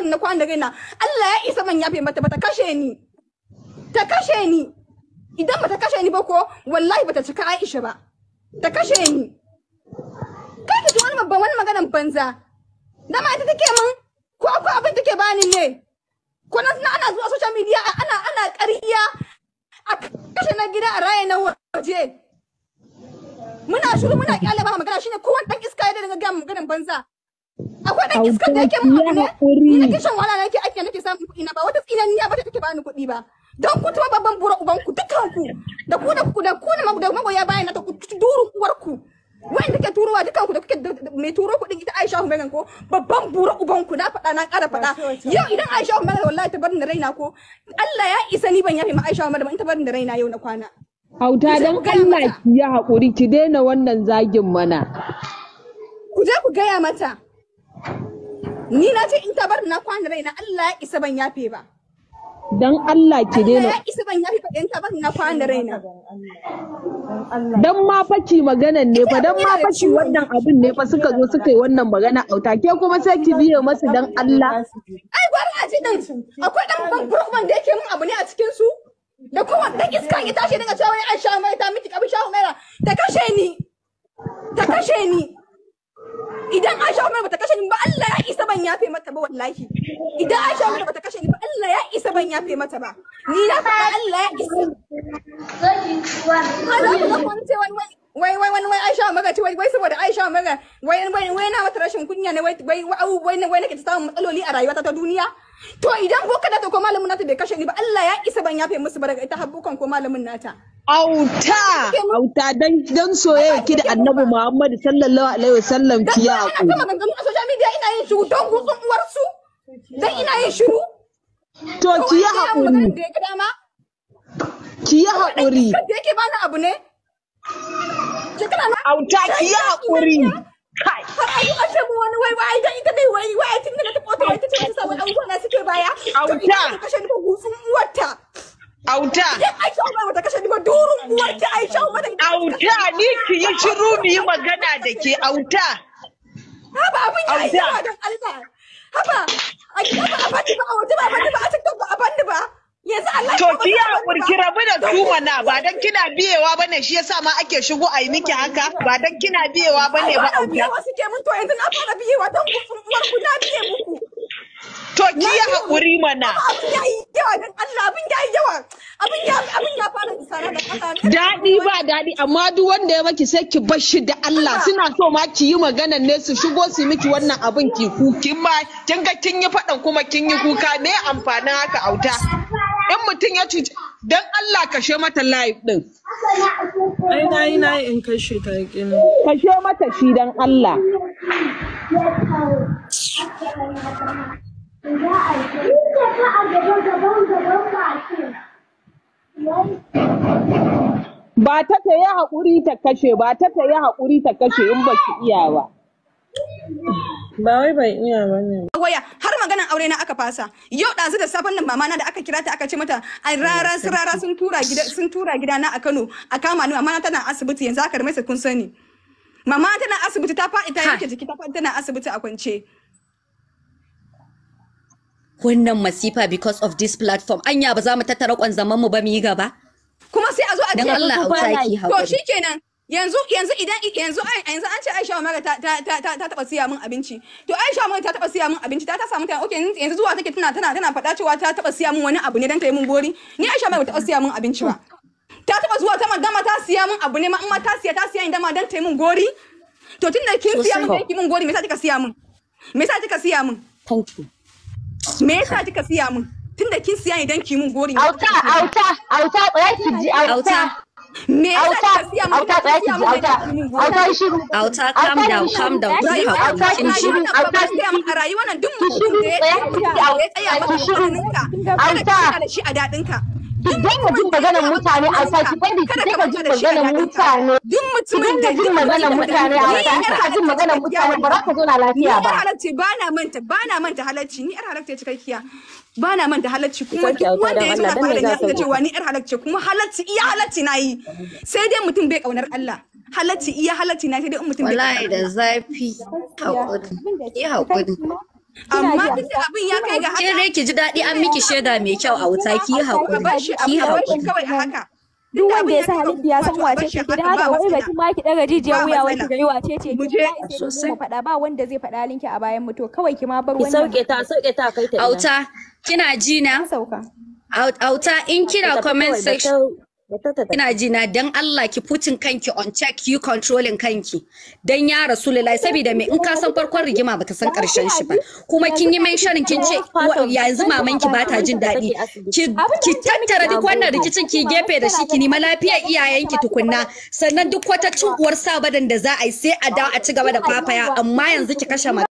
kwan na kwana raina Allah ya isa man yafe mata bata kashe ni ta kashe ni idan bata kashe ni ba ko wallahi bata cika Aisha ba ta kashe ni kai ki wani babban wani maganan banza dama ita take mun ko ko abin take bani ne ko na ana zuwa social media ana ana ƙarya a kashe na gida a raye na waje muna shiru muna kyale ba magana shine wani dan iska ya daga ga maganan banza akwai dan iskar da yake mun abu ne ni nake shan wahala nake ake nake samun kuɗi na ba wata tsinaniya ba take bani kuɗi ba don ku tuma babban bura uban ku dukkan ku da ku da ku da ku da magoya bayan na ta ku duru uwar ku wanda ke turowa dukkan ku da kuke mai turo kuɗin ita Aisha Humegan ko babban bura uban ku na faɗa na ƙara faɗa yau idan Aisha Humegan wallahi ta bar ni raina ko Allah ya isa ni ban yafe ma Aisha Humegan in ta bar ni raina yau na kwana Hauta don Allah ki yi haƙuri ki daina wannan zagin mana. Ku je ku gaya mata. Ni na ce in ta bar na kwana raina Allah ya isa ban yafe ba. Dan Allah ki daina. Allah ya isa ban yafe ba in ta bar na kwana raina. Dan ma faci maganan ne fa dan ma faci wannan abin ne fa suka zo suka yi wannan magana auta ke kuma sai ki biye masu dan Allah. Ai gwara a cikin akwai dan Brookman da yake mun abu ne a cikin su. Da kuma da iska ki tashi daga cewa ai sha mai ta miki kabi sha mai ta kashe ni. Ta kashe ni. idan Aisha Umar ta kashe ni ba Allah ya ban yafe mata ba wallahi idan Aisha mata bata kashe ni ba Allah ya isa ban yafe mata ba ni na faɗa Allah ya isa wai wai wani wai Aisha maga ce wai wai saboda Aisha maga wai wai wai na mata rashin kunya ne wai wai wai wai nake samun matsaloli a rayuwata ta duniya to idan boka da ta ko malamin nata bai kashe ni ba Allah ya isa ban yafe musu ba daga ita habbukan ko malamin nata auta auta dan dan soyayya ki da annabi Muhammad sallallahu alaihi wasallam ki ya ku su don gutsun uwarsu don ina yin shiru to ki yi haƙuri ki yi haƙuri da yake bani abu ne auta ki yi haƙuri a ce mu wani wai wai ita wai wai da ta kota wai ta ce abubuwa na suke baya auta kashe ni ba uwarta auta aisha wata kashe ni ba durun uwarta aisha auta ni ki yi shiru mu yi magana da ke auta haba abin ya yi yawa don Allah haba a gida ba a bani ba a waje ba a bani ba a tiktok ba a bani ba yanzu Allah to ki ya kurki rabu da su mana ba dan kina biyewa bane shi yasa ma ake shigo a yi miki haka ba dan kina biyewa bane ba auta wasu ke mun to yanzu na fara biyewa don ku uwar ku na biye muku To ki ya haƙuri mana. Abin ya yi yawa don Allah abin ya yi yawa. Abin ya da kasa. Daɗi ba daɗi amma duk wanda ya maki sai ki bar shi da Allah suna so ma ki yi magana ne su shigo su miki wannan abin ki kukin ma kin ga kin yi faɗan kuma kin yi kuka me amfanin haka auta. In mutum ya cuci don Allah kashe mata live ɗin. Ai na yi na yi in kashe ta ƙin. Kashe mata shi don Allah. a Ba ta ta yi haƙuri ta kashe, ba ta ta yi haƙuri ta kashe in ba ki iya ba. Ba wai ban iya ba ne. Waya har maganan aure na aka fasa. Yau ɗazu da sabon nan mamana da aka kira ta aka ce mata ai rara su rara sun tura gida sun tura gida na a Kano a kama ni mamana tana asibiti yanzu aka rame su kun sani. Mama tana asibiti ta faɗi ta jiki ta faɗi tana asibiti a kwance. wannan masifa because of this platform anya ba za mu tattara kwanzaman mu ba mu yi gaba kuma sai a zo a ce Allah ki to shikenan yanzu yanzu idan yanzu yanzu an ce Aisha Umar ta ta ta ta taba siya min abinci to Aisha Umar ta taba siya min abinci ta ta samu ta okay yanzu zuwa take tana tana tana faɗa cewa ta taba siya min wani abu ne dan ta yi min gori ni Aisha Umar ta taba siya min abinci ba ta taba zuwa ta magama ta siya min abu ne ma in ma ta siya ta siya in ma dan ta yi min gori to tunda kin siya min kin min gori me yasa kika siya min me yasa kika siya min thank you me yasa kika siya min tunda kin siya idan ki mun gori auta auta auta tsaya ki ji auta me yasa kika siya min auta tsaya ki ji auta auta shiru auta calm down calm down ki auta kin shiru auta siya min a rayuwar nan duk mutum da ya tsaya maka shiru auta shi a dadin ka duk daina jin maganar mutane a saki bari ki daina jin maganar mutane duk mutumin da jin maganar mutane a saki ka jin maganar mutane ba za ka zo na lafiya ba ni halarci ba na manta ba manta halarci ni yar halarci ba na manta halarci kuma duk wanda ya zo na fara ya cewa ni yar halarci kuma halarci iya halarci na yi sai dai mutum bai kaunar Allah halarci iya halarci na sai dai mutum bai wallahi da zafi ya hakuri amma duk abin ya kai ga haka Kin dai ki ji daɗi an miki shaida mai kyau a wuta ki yi hakuri ki hakuri kawai a haka duk wanda ya sa halitta ya san wace ce ki da haka wai batun ma ki daga jijiyar wuya wai ki gani wace ce ki da sosai faɗa ba wanda zai faɗa linki a bayan mu to kawai ki ma bar wannan sauke ta sauke ta kai ta auta kina ji na sauka auta in kira comment section Ina jina dan Allah ki putin kanki on check you controlling kanki. Dan ya Rasulullahi saboda me in ka san farkon rigima baka san karshen shi ba. Kuma kin yi mentioning kin ce yanzu maman ki bata jin daɗi. Ki tattara duk wannan rikicin ki gefe da shi ki nima lafiyar iyayenki tukunna. Sannan duk wata cin uwar sabadan da za a yi sai a dawo a ci gaba da fafaya amma yanzu ki kashe